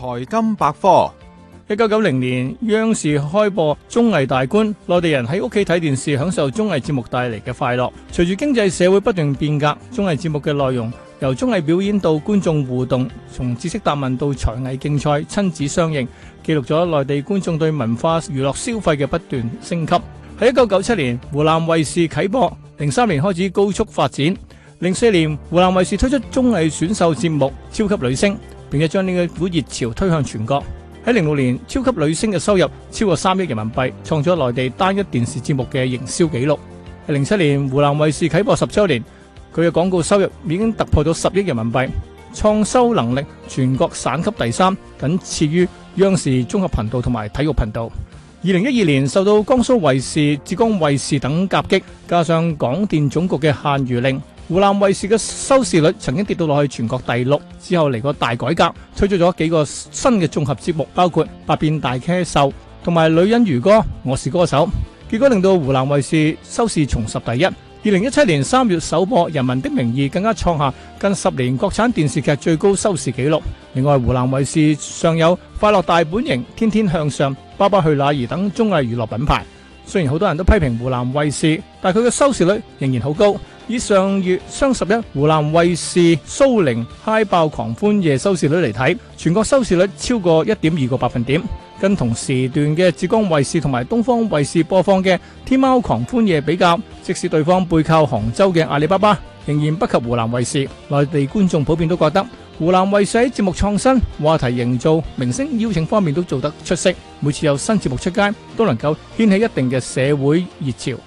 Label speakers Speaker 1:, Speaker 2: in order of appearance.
Speaker 1: 財金百科，一九九零年央視開播綜藝大觀，內地人喺屋企睇電視，享受綜藝節目帶嚟嘅快樂。隨住經濟社會不斷變革，綜藝節目嘅內容由綜藝表演到觀眾互動，從知識答問到才藝競賽、親子相親，記錄咗內地觀眾對文化娛樂消費嘅不斷升級。喺一九九七年，湖南衛視啟播，零三年開始高速發展，零四年湖南衛視推出綜藝選秀節目《超級女聲》。並且將呢個股熱潮推向全國。喺零六年，超級女聲嘅收入超過三億人民幣，創咗內地單一電視節目嘅營銷記錄。喺零七年，湖南衛視啟播十週年，佢嘅廣告收入已經突破到十億人民幣，創收能力全國省級第三，僅次於央視綜合頻道同埋體育頻道。二零一二年，受到江蘇衛視、浙江衛視等夾擊，加上廣電總局嘅限娛令。湖南衛視嘅收視率曾經跌到落去全國第六，之後嚟，個大改革推出咗幾個新嘅綜合節目，包括百變大咖秀同埋女人如歌、我是歌手，結果令到湖南衛視收視重拾第一2017雖然好多人都批評湖南衛視，但佢嘅收視率仍然好高。以上月雙十一湖南衛視蘇寧嗨爆狂歡夜收視率嚟睇，全國收視率超過一點二個百分點，跟同時段嘅浙江衛視同埋東方衛視播放嘅天貓狂歡夜比較，即使對方背靠杭州嘅阿里巴巴。仍然不及湖南衛視，內地觀眾普遍都覺得湖南衛視喺節目創新、話題營造、明星邀請方面都做得出色，每次有新節目出街都能夠掀起一定嘅社會熱潮。